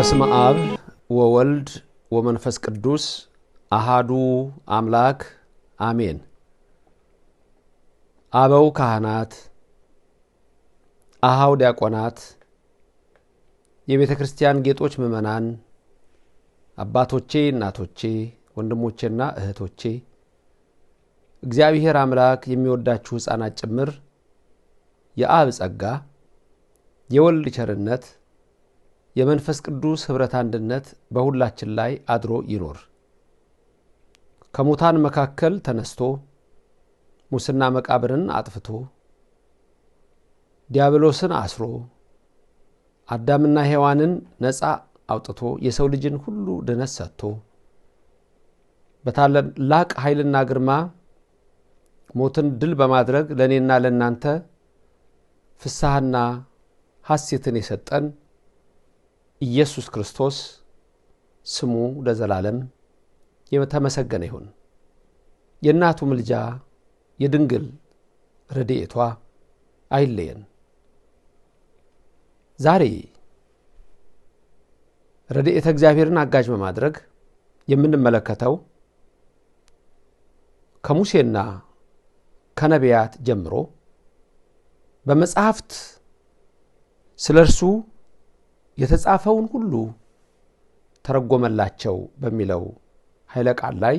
በስመ አብ ወወልድ ወመንፈስ ቅዱስ አሃዱ አምላክ አሜን። አበው ካህናት፣ አሃው ዲያቆናት፣ የቤተ ክርስቲያን ጌጦች ምዕመናን፣ አባቶቼ፣ እናቶቼ፣ ወንድሞቼና እህቶቼ እግዚአብሔር አምላክ የሚወዳችሁ ሕፃናት ጭምር የአብ ጸጋ የወልድ ቸርነት የመንፈስ ቅዱስ ኅብረት አንድነት በሁላችን ላይ አድሮ ይኖር። ከሙታን መካከል ተነስቶ ሙስና መቃብርን አጥፍቶ ዲያብሎስን አስሮ አዳምና ሔዋንን ነፃ አውጥቶ የሰው ልጅን ሁሉ ድነት ሰጥቶ በታላቅ ኃይልና ግርማ ሞትን ድል በማድረግ ለእኔና ለእናንተ ፍስሐና ሐሴትን የሰጠን ኢየሱስ ክርስቶስ ስሙ ለዘላለም የተመሰገነ ይሁን። የእናቱ ምልጃ የድንግል ረድኤቷ አይለየን። ዛሬ ረድኤተ እግዚአብሔርን አጋዥ በማድረግ የምንመለከተው ከሙሴና ከነቢያት ጀምሮ በመጽሐፍት ስለ እርሱ የተጻፈውን ሁሉ ተረጎመላቸው በሚለው ኃይለ ቃል ላይ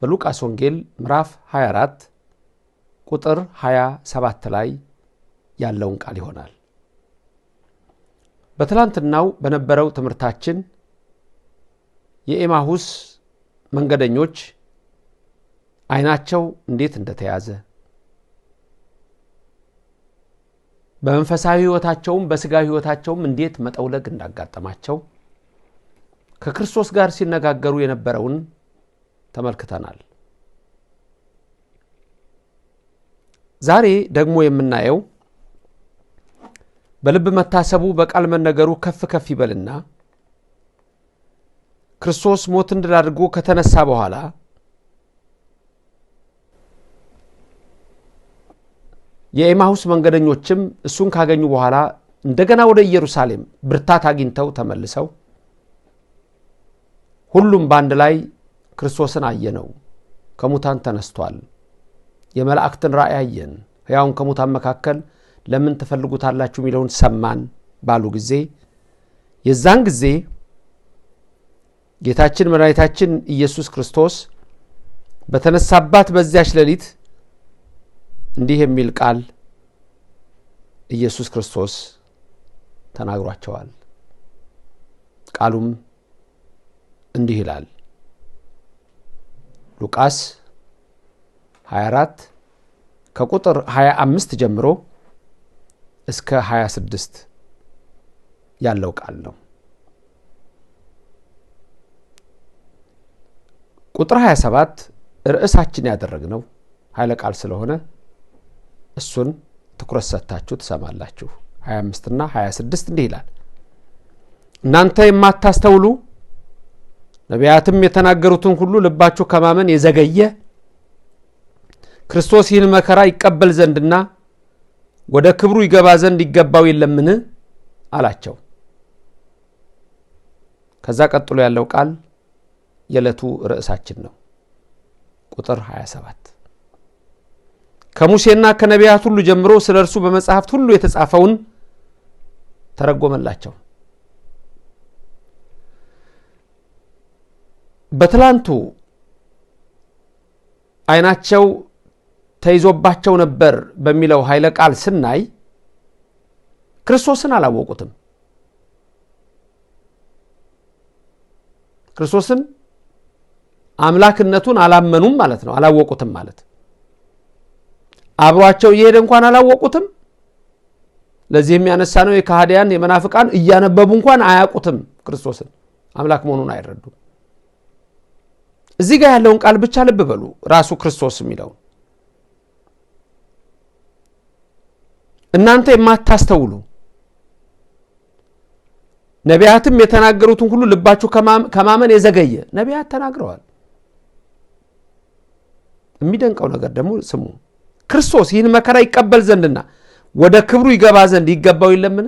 በሉቃስ ወንጌል ምዕራፍ 24 ቁጥር 27 ላይ ያለውን ቃል ይሆናል። በትላንትናው በነበረው ትምህርታችን የኤማሁስ መንገደኞች ዓይናቸው እንዴት እንደተያዘ በመንፈሳዊ ህይወታቸውም በስጋ ህይወታቸውም እንዴት መጠውለግ እንዳጋጠማቸው ከክርስቶስ ጋር ሲነጋገሩ የነበረውን ተመልክተናል። ዛሬ ደግሞ የምናየው በልብ መታሰቡ በቃል መነገሩ ከፍ ከፍ ይበልና ክርስቶስ ሞት እንድላድርጎ አድርጎ ከተነሳ በኋላ የኤማሁስ መንገደኞችም እሱን ካገኙ በኋላ እንደገና ወደ ኢየሩሳሌም ብርታት አግኝተው ተመልሰው ሁሉም በአንድ ላይ ክርስቶስን አየነው፣ ከሙታን ተነስቷል፣ የመላእክትን ራእይ አየን፣ ሕያውን ከሙታን መካከል ለምን ትፈልጉታላችሁ የሚለውን ሰማን ባሉ ጊዜ የዛን ጊዜ ጌታችን መድኃኒታችን ኢየሱስ ክርስቶስ በተነሳባት በዚያች ሌሊት እንዲህ የሚል ቃል ኢየሱስ ክርስቶስ ተናግሯቸዋል። ቃሉም እንዲህ ይላል ሉቃስ 24 ከቁጥር 25 ጀምሮ እስከ 26 ያለው ቃል ነው። ቁጥር 27 ርዕሳችን ያደረግነው ኃይለ ቃል ስለሆነ እሱን ትኩረት ሰጥታችሁ ትሰማላችሁ። 25 እና 26 እንዲህ ይላል፣ እናንተ የማታስተውሉ ነቢያትም የተናገሩትን ሁሉ ልባችሁ ከማመን የዘገየ ክርስቶስ ይህን መከራ ይቀበል ዘንድና ወደ ክብሩ ይገባ ዘንድ ይገባው የለምን አላቸው። ከዛ ቀጥሎ ያለው ቃል የዕለቱ ርዕሳችን ነው፣ ቁጥር 27 ከሙሴና ከነቢያት ሁሉ ጀምሮ ስለ እርሱ በመጽሐፍት ሁሉ የተጻፈውን ተረጎመላቸው። በትላንቱ አይናቸው ተይዞባቸው ነበር በሚለው ኃይለ ቃል ስናይ ክርስቶስን አላወቁትም። ክርስቶስን አምላክነቱን አላመኑም ማለት ነው። አላወቁትም ማለት አብሯቸው እየሄደ እንኳን አላወቁትም። ለዚህ የሚያነሳ ነው የካህዲያን የመናፍቃን እያነበቡ እንኳን አያውቁትም። ክርስቶስን አምላክ መሆኑን አይረዱም። እዚህ ጋር ያለውን ቃል ብቻ ልብ በሉ። ራሱ ክርስቶስ የሚለው እናንተ የማታስተውሉ ነቢያትም የተናገሩትን ሁሉ ልባችሁ ከማመን የዘገየ ነቢያት ተናግረዋል። የሚደንቀው ነገር ደግሞ ስሙ ክርስቶስ ይህን መከራ ይቀበል ዘንድና ወደ ክብሩ ይገባ ዘንድ ይገባው የለምን?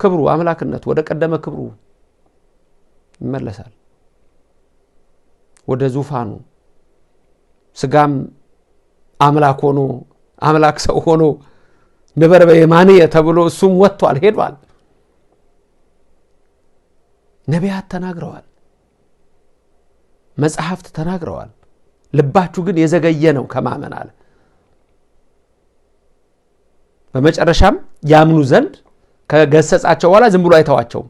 ክብሩ አምላክነቱ ወደ ቀደመ ክብሩ ይመለሳል። ወደ ዙፋኑ ስጋም አምላክ ሆኖ አምላክ ሰው ሆኖ ንበር በየማንየ ተብሎ እሱም ወጥቷል፣ ሄዷል። ነቢያት ተናግረዋል፣ መጽሐፍት ተናግረዋል። ልባችሁ ግን የዘገየ ነው ከማመን አለ። በመጨረሻም ያምኑ ዘንድ ከገሰጻቸው በኋላ ዝም ብሎ አይተዋቸውም።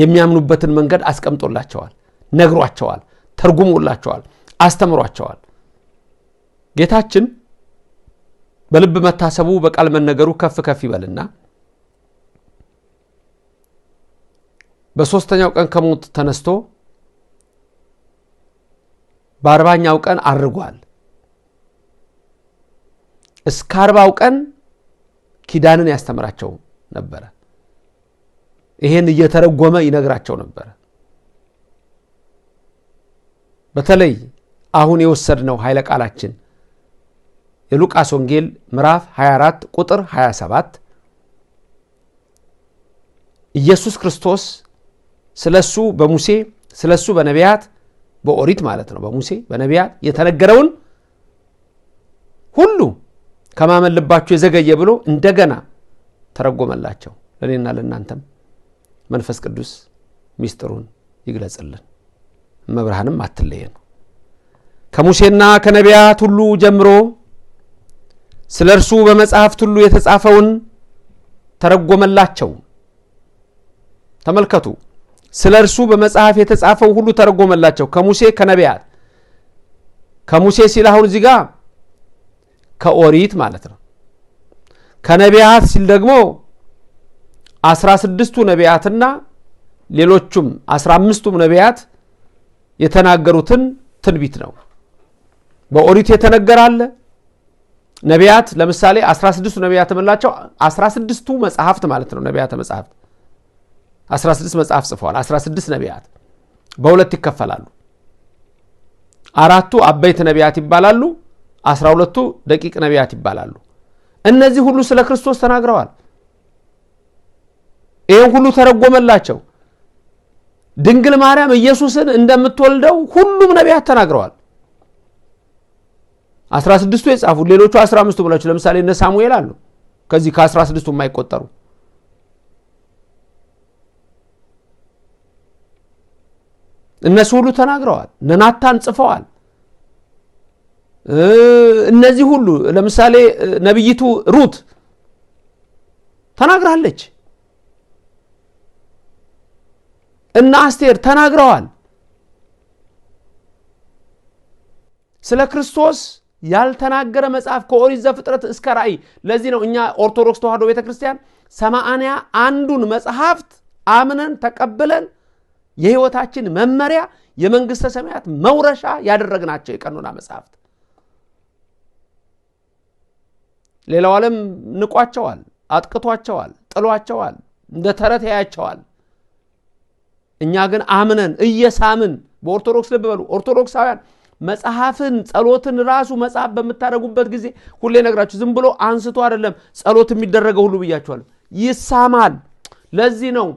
የሚያምኑበትን መንገድ አስቀምጦላቸዋል፣ ነግሯቸዋል፣ ተርጉሞላቸዋል፣ አስተምሯቸዋል። ጌታችን በልብ መታሰቡ በቃል መነገሩ ከፍ ከፍ ይበልና በሦስተኛው ቀን ከሞት ተነስቶ በአርባኛው ቀን አርጓል። እስከ አርባው ቀን ኪዳንን ያስተምራቸው ነበረ። ይሄን እየተረጎመ ይነግራቸው ነበረ። በተለይ አሁን የወሰድነው ኃይለ ቃላችን የሉቃስ ወንጌል ምዕራፍ 24 ቁጥር 27 ኢየሱስ ክርስቶስ ስለ እሱ በሙሴ ስለ እሱ በነቢያት በኦሪት ማለት ነው፣ በሙሴ በነቢያት የተነገረውን ሁሉ ከማመን ልባችሁ የዘገየ ብሎ እንደገና ተረጎመላቸው። ለእኔና ለእናንተም መንፈስ ቅዱስ ሚስጥሩን ይግለጽልን፣ መብርሃንም አትለየን። ከሙሴና ከነቢያት ሁሉ ጀምሮ ስለ እርሱ በመጽሐፍት ሁሉ የተጻፈውን ተረጎመላቸው። ተመልከቱ። ስለ እርሱ በመጽሐፍ የተጻፈው ሁሉ ተረጎመላቸው ከሙሴ ከነቢያት ከሙሴ ሲል አሁን እዚህ ጋር ከኦሪት ማለት ነው ከነቢያት ሲል ደግሞ አስራ ስድስቱ ነቢያትና ሌሎቹም አስራ አምስቱም ነቢያት የተናገሩትን ትንቢት ነው በኦሪት የተነገራለ ነቢያት ለምሳሌ አስራ ስድስቱ ነቢያት የምንላቸው አስራ ስድስቱ መጽሐፍት ማለት ነው ነቢያተ መጽሐፍት 16 መጽሐፍ ጽፈዋል። 16 ነቢያት በሁለት ይከፈላሉ። አራቱ አበይት ነቢያት ይባላሉ። 12ቱ ደቂቅ ነቢያት ይባላሉ። እነዚህ ሁሉ ስለ ክርስቶስ ተናግረዋል። ይህም ሁሉ ተረጎመላቸው። ድንግል ማርያም ኢየሱስን እንደምትወልደው ሁሉም ነቢያት ተናግረዋል። 16ቱ የጻፉ ሌሎቹ 15ቱ ብላችሁ ለምሳሌ እነ ሳሙኤል አሉ ከዚህ ከ 16 ስድስቱ የማይቆጠሩ እነሱ ሁሉ ተናግረዋል። ነናታን ጽፈዋል። እነዚህ ሁሉ ለምሳሌ ነቢይቱ ሩት ተናግራለች እና አስቴር ተናግረዋል። ስለ ክርስቶስ ያልተናገረ መጽሐፍ ከኦሪት ዘፍጥረት እስከ ራእይ። ለዚህ ነው እኛ ኦርቶዶክስ ተዋህዶ ቤተ ክርስቲያን ሰማአንያ አንዱን መጽሐፍት አምነን ተቀብለን የህይወታችን መመሪያ፣ የመንግሥተ ሰማያት መውረሻ ያደረግናቸው የቀኖና መጽሐፍት ሌላው ዓለም ንቋቸዋል፣ አጥቅቷቸዋል፣ ጥሏቸዋል፣ እንደ ተረት ያያቸዋል። እኛ ግን አምነን እየሳምን በኦርቶዶክስ ልብ በሉ ኦርቶዶክሳውያን መጽሐፍን ጸሎትን ራሱ መጽሐፍ በምታደርጉበት ጊዜ ሁሌ ነግራችሁ ዝም ብሎ አንስቶ አይደለም ጸሎት የሚደረገው ሁሉ ብያችኋለሁ፣ ይሳማል። ለዚህ ነው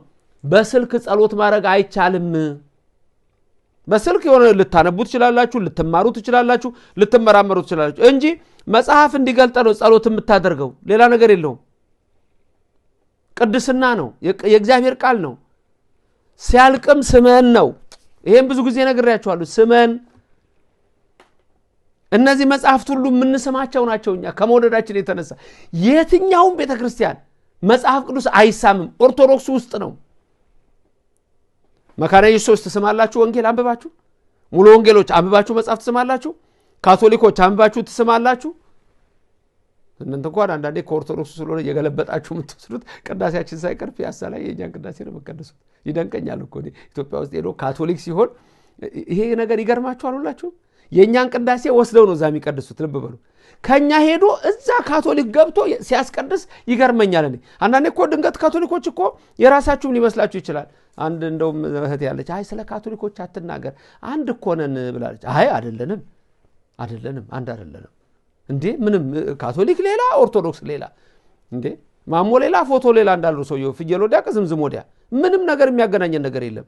በስልክ ጸሎት ማድረግ አይቻልም። በስልክ የሆነ ልታነቡ ትችላላችሁ፣ ልትማሩ ትችላላችሁ፣ ልትመራመሩ ትችላላችሁ እንጂ መጽሐፍ እንዲገልጠ ነው ጸሎት የምታደርገው። ሌላ ነገር የለውም። ቅድስና ነው፣ የእግዚአብሔር ቃል ነው። ሲያልቅም ስመን ነው። ይሄን ብዙ ጊዜ ነግሬያችኋለሁ። ስመን እነዚህ መጽሐፍት ሁሉ የምንስማቸው ናቸው። እኛ ከመውደዳችን የተነሳ የትኛውም ቤተ ክርስቲያን መጽሐፍ ቅዱስ አይሳምም። ኦርቶዶክሱ ውስጥ ነው። መካነ ኢየሱስ ትስማላችሁ? ወንጌል አንብባችሁ ሙሉ ወንጌሎች አንብባችሁ መጽሐፍ ትስማላችሁ? ካቶሊኮች አንብባችሁ ትስማላችሁ? እናንተ እንኳን አንዳንዴ ከኦርቶዶክሱ ስለሆነ እየገለበጣችሁ የምትወስዱት ቅዳሴያችን ሳይቀርፍ ፒያሳ ላይ የእኛን ቅዳሴ ነው የምትቀድሱት። ይደንቀኛል እኮ ኢትዮጵያ ውስጥ ሄዶ ካቶሊክ ሲሆን ይሄ ነገር ይገርማችሁ አሉላችሁም የእኛን ቅዳሴ ወስደው ነው እዛ የሚቀድሱት። ልብ በሉ። ከእኛ ሄዶ እዛ ካቶሊክ ገብቶ ሲያስቀድስ ይገርመኛል። እኔ አንዳንዴ እኮ ድንገት ካቶሊኮች እኮ የራሳችሁም ሊመስላችሁ ይችላል። አንድ እንደውም እህት ያለች አይ ስለ ካቶሊኮች አትናገር አንድ እኮ ነን ብላለች። አይ አደለንም፣ አደለንም፣ አንድ አደለንም። እንዴ ምንም ካቶሊክ ሌላ፣ ኦርቶዶክስ ሌላ፣ እንዴ ማሞ ሌላ፣ ፎቶ ሌላ እንዳሉ ሰውየ ፍየል ወዲያ ቅዝምዝም ወዲያ ምንም ነገር የሚያገናኘን ነገር የለም።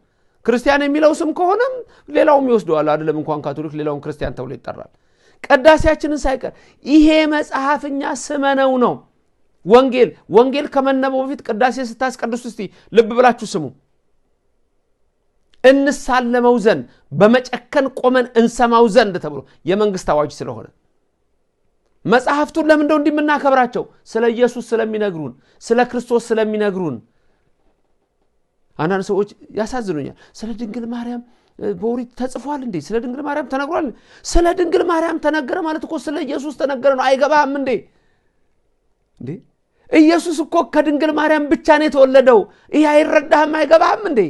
ክርስቲያን የሚለው ስም ከሆነም ሌላውም ይወስደዋል። አደለም እንኳን ካቶሊክ ሌላውም ክርስቲያን ተብሎ ይጠራል። ቀዳሴያችንን ሳይቀር ይሄ መጽሐፍኛ ስመነው ነው። ወንጌል ወንጌል ከመነበው በፊት ቅዳሴ ስታስቀድሱ እስቲ ልብ ብላችሁ ስሙ። እንሳለመው ዘንድ በመጨከን ቆመን እንሰማው ዘንድ ተብሎ የመንግስት አዋጅ ስለሆነ መጽሐፍቱን ለምንደው እንዲምናከብራቸው ስለ ኢየሱስ ስለሚነግሩን፣ ስለ ክርስቶስ ስለሚነግሩን አንዳንድ ሰዎች ያሳዝኑኛል። ስለ ድንግል ማርያም በኦሪት ተጽፏል እንዴ? ስለ ድንግል ማርያም ተነግሯል? ስለ ድንግል ማርያም ተነገረ ማለት እኮ ስለ ኢየሱስ ተነገረ ነው። አይገባህም እንዴ? እንዴ ኢየሱስ እኮ ከድንግል ማርያም ብቻ ነው የተወለደው። ይህ አይረዳህም? አይገባህም እንዴ?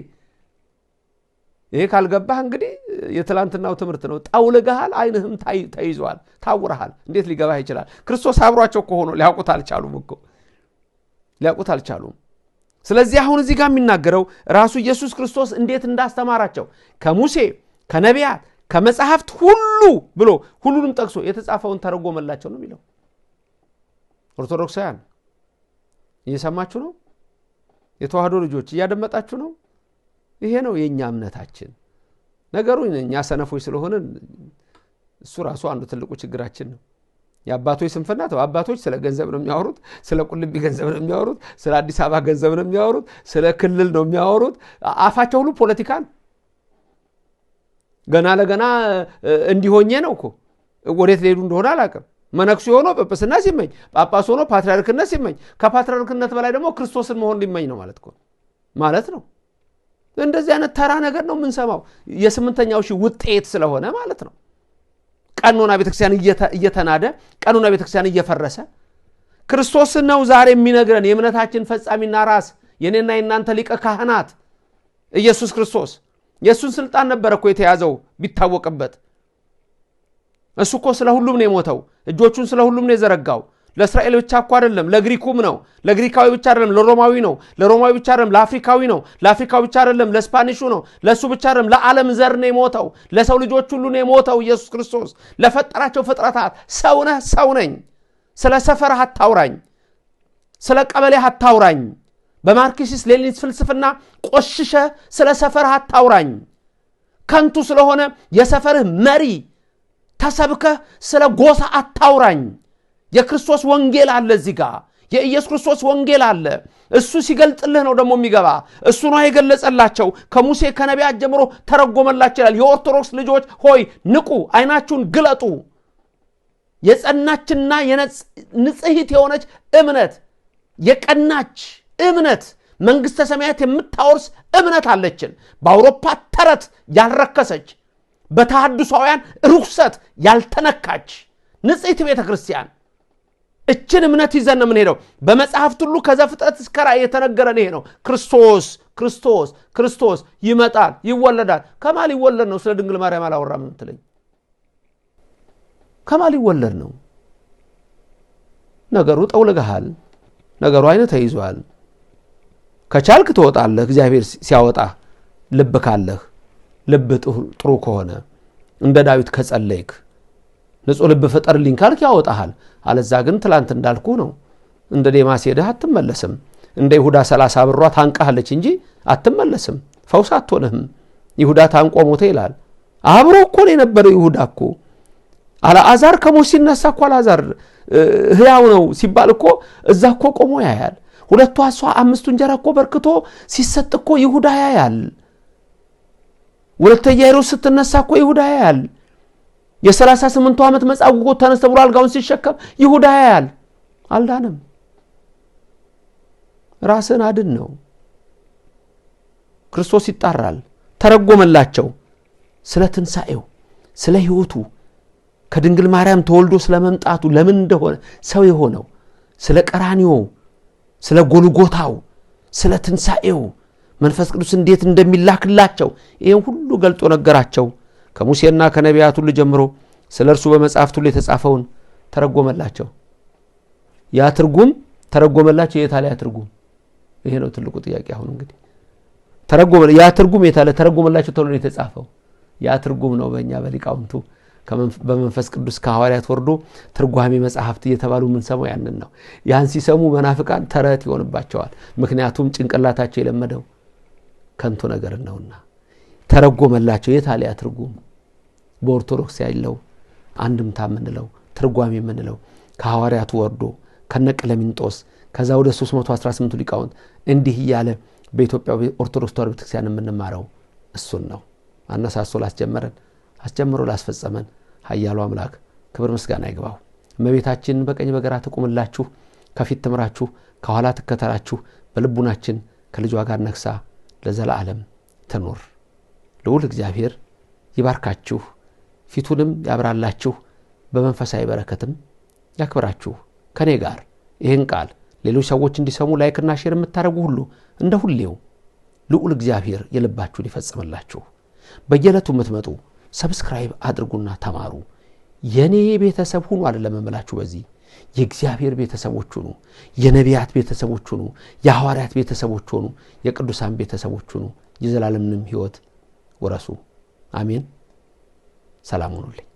ይሄ ካልገባህ እንግዲህ የትላንትናው ትምህርት ነው። ጠውልግሃል አይንህም ተይዟል፣ ታውረሃል። እንዴት ሊገባህ ይችላል? ክርስቶስ አብሯቸው ከሆኖ ሊያውቁት አልቻሉም እኮ ሊያውቁት አልቻሉም። ስለዚህ አሁን እዚህ ጋር የሚናገረው ራሱ ኢየሱስ ክርስቶስ እንዴት እንዳስተማራቸው ከሙሴ ከነቢያት ከመጽሐፍት ሁሉ ብሎ ሁሉንም ጠቅሶ የተጻፈውን ተረጎመላቸው ነው የሚለው ኦርቶዶክሳውያን እየሰማችሁ ነው የተዋህዶ ልጆች እያደመጣችሁ ነው ይሄ ነው የእኛ እምነታችን ነገሩ እኛ ሰነፎች ስለሆንን እሱ ራሱ አንዱ ትልቁ ችግራችን ነው የአባቶች ስንፍና ተው። አባቶች ስለ ገንዘብ ነው የሚያወሩት፣ ስለ ቁልቢ ገንዘብ ነው የሚያወሩት፣ ስለ አዲስ አበባ ገንዘብ ነው የሚያወሩት፣ ስለ ክልል ነው የሚያወሩት። አፋቸው ሁሉ ፖለቲካ ነው። ገና ለገና እንዲሆኜ ነው እኮ ወዴት ሊሄዱ እንደሆነ አላቅም መነኩሴ ሆኖ ጵጵስና ሲመኝ፣ ጳጳስ ሆኖ ፓትሪያርክነት ሲመኝ፣ ከፓትሪያርክነት በላይ ደግሞ ክርስቶስን መሆን ሊመኝ ነው ማለት ማለት ነው። እንደዚህ አይነት ተራ ነገር ነው የምንሰማው የስምንተኛው ሺህ ውጤት ስለሆነ ማለት ነው። ቀኖና ቤተክርስቲያን እየተናደ ቀኖና ቤተክርስቲያን እየፈረሰ ክርስቶስን ነው ዛሬ የሚነግረን የእምነታችን ፈጻሚና ራስ የኔና የእናንተ ሊቀ ካህናት ኢየሱስ ክርስቶስ። የእሱን ስልጣን ነበረ እኮ የተያዘው ቢታወቅበት። እሱ እኮ ስለ ሁሉም ነው የሞተው። እጆቹን ስለ ሁሉም ነው የዘረጋው። ለእስራኤል ብቻ እኮ አይደለም፣ ለግሪኩም ነው። ለግሪካዊ ብቻ አይደለም፣ ለሮማዊ ነው። ለሮማዊ ብቻ አይደለም፣ ለአፍሪካዊ ነው። ለአፍሪካዊ ብቻ አይደለም፣ ለስፓኒሹ ነው። ለእሱ ብቻ አይደለም፣ ለዓለም ዘር ነው የሞተው። ለሰው ልጆች ሁሉ ነው የሞተው ኢየሱስ ክርስቶስ ለፈጠራቸው ፍጥረታት። ሰው ነህ፣ ሰው ነኝ። ስለ ሰፈርህ አታውራኝ፣ ስለ ቀበሌህ አታውራኝ። በማርክሲስ ሌኒስ ፍልስፍና ቆሽሸ ስለ ሰፈርህ አታውራኝ። ከንቱ ስለሆነ የሰፈርህ መሪ ተሰብከህ ስለ ጎሳ አታውራኝ። የክርስቶስ ወንጌል አለ እዚህ ጋ የኢየሱስ ክርስቶስ ወንጌል አለ። እሱ ሲገልጥልህ ነው ደግሞ የሚገባ። እሱ ነው የገለጸላቸው። ከሙሴ ከነቢያት ጀምሮ ተረጎመላቸው ይላል። የኦርቶዶክስ ልጆች ሆይ ንቁ፣ አይናችሁን ግለጡ። የጸናችና ንጽሂት የሆነች እምነት፣ የቀናች እምነት፣ መንግሥተ ሰማያት የምታወርስ እምነት አለችን። በአውሮፓ ተረት ያልረከሰች፣ በተሐድሷውያን ርኩሰት ያልተነካች ንጽሕት ቤተ ክርስቲያን እችን እምነት ይዘን ነው የምንሄደው። በመጽሐፍት ሁሉ ከዘፍጠት እስከ ራእይ የተነገረን ይሄ ነው። ክርስቶስ ክርስቶስ ክርስቶስ ይመጣል፣ ይወለዳል። ከማን ሊወለድ ነው? ስለ ድንግል ማርያም አላወራም የምትለኝ ከማን ሊወለድ ነው? ነገሩ ጠውልግሃል። ነገሩ አይነት ተይዟል። ከቻልክ ትወጣለህ፣ እግዚአብሔር ሲያወጣ ልብ ካለህ ልብ ጥሩ ከሆነ እንደ ዳዊት ከጸለይክ ንጹሕ ልብ ፍጠርልኝ ካልክ ያወጣሃል። አለዛ ግን ትላንት እንዳልኩ ነው። እንደ ዴማስ ሄደህ አትመለስም። እንደ ይሁዳ ሰላሳ ብሯ ታንቀሃለች እንጂ አትመለስም። ፈውስ አትሆንህም። ይሁዳ ታንቆ ሞተ ይላል። አብሮ እኮ ነው የነበረው ይሁዳ እኮ አልዓዛር ከሞት ሲነሳ እኮ አልዓዛር ህያው ነው ሲባል እኮ እዛ እኮ ቆሞ ያያል። ሁለቱ አሷ አምስቱ እንጀራ እኮ በርክቶ ሲሰጥ እኮ ይሁዳ ያያል። ሁለተኛ ሄሮድስ ስትነሳ እኮ ይሁዳ ያያል። የ 38 ዓመት መጻጉዕ ተነስተ ብሎ አልጋውን ሲሸከም ይሁዳ ያያል። አልዳንም። ራስን አድን ነው። ክርስቶስ ይጣራል። ተረጎመላቸው። ስለ ትንሣኤው፣ ስለ ሕይወቱ ከድንግል ማርያም ተወልዶ ስለ መምጣቱ ለምን እንደሆነ ሰው የሆነው ስለ ቀራኒዮ ስለ ጎልጎታው፣ ስለ ትንሣኤው መንፈስ ቅዱስ እንዴት እንደሚላክላቸው ይህም ሁሉ ገልጦ ነገራቸው። ከሙሴና ከነቢያት ሁሉ ጀምሮ ስለ እርሱ በመጽሐፍት ሁሉ የተጻፈውን ተረጎመላቸው። ያ ትርጉም ተረጎመላቸው። የታ ላይ ትርጉም? ይሄ ነው ትልቁ ጥያቄ። አሁን እንግዲህ ተረጎመ፣ ያ ትርጉም የታለ? ተረጎመላቸው ተብሎ የተጻፈው ያ ትርጉም ነው በእኛ በሊቃውንቱ በመንፈስ ቅዱስ ከሐዋርያት ወርዶ ትርጓሜ መጽሐፍት እየተባሉ የምንሰማው ያንን ነው። ያን ሲሰሙ መናፍቃን ተረት ይሆንባቸዋል። ምክንያቱም ጭንቅላታቸው የለመደው ከንቱ ነገር ነውና። ተረጎመላቸው። የት አሊያ ትርጉም በኦርቶዶክስ ያለው አንድምታ የምንለው ትርጓሜ የምንለው ከሐዋርያቱ ወርዶ ከነቀለሚንጦስ ከዛ ወደ 318ቱ ሊቃውንት እንዲህ እያለ በኢትዮጵያ ኦርቶዶክስ ተዋሕዶ ቤተክርስቲያን የምንማረው እሱን ነው። አነሳሶ ላስጀመረን አስጀምሮ ላስፈጸመን ኃያሉ አምላክ ክብር ምስጋና ይግባው። እመቤታችን በቀኝ በግራ ትቁምላችሁ፣ ከፊት ትምራችሁ፣ ከኋላ ትከተላችሁ። በልቡናችን ከልጇ ጋር ነግሳ ለዘላለም ትኑር። ልዑል እግዚአብሔር ይባርካችሁ፣ ፊቱንም ያብራላችሁ፣ በመንፈሳዊ በረከትም ያክብራችሁ። ከእኔ ጋር ይህን ቃል ሌሎች ሰዎች እንዲሰሙ ላይክና ሼር የምታደርጉ ሁሉ እንደ ሁሌው ልዑል እግዚአብሔር የልባችሁን ይፈጽምላችሁ። በየዕለቱ የምትመጡ ሰብስክራይብ አድርጉና ተማሩ። የእኔ ቤተሰብ ሁኑ አይደለም በዚህ የእግዚአብሔር ቤተሰቦች ሁኑ፣ የነቢያት ቤተሰቦች ሁኑ፣ የሐዋርያት ቤተሰቦች ሆኑ የቅዱሳን ቤተሰቦች ሁኑ፣ የዘላለምንም ሕይወት ውረሱ። አሜን። ሰላም ሁኑልኝ።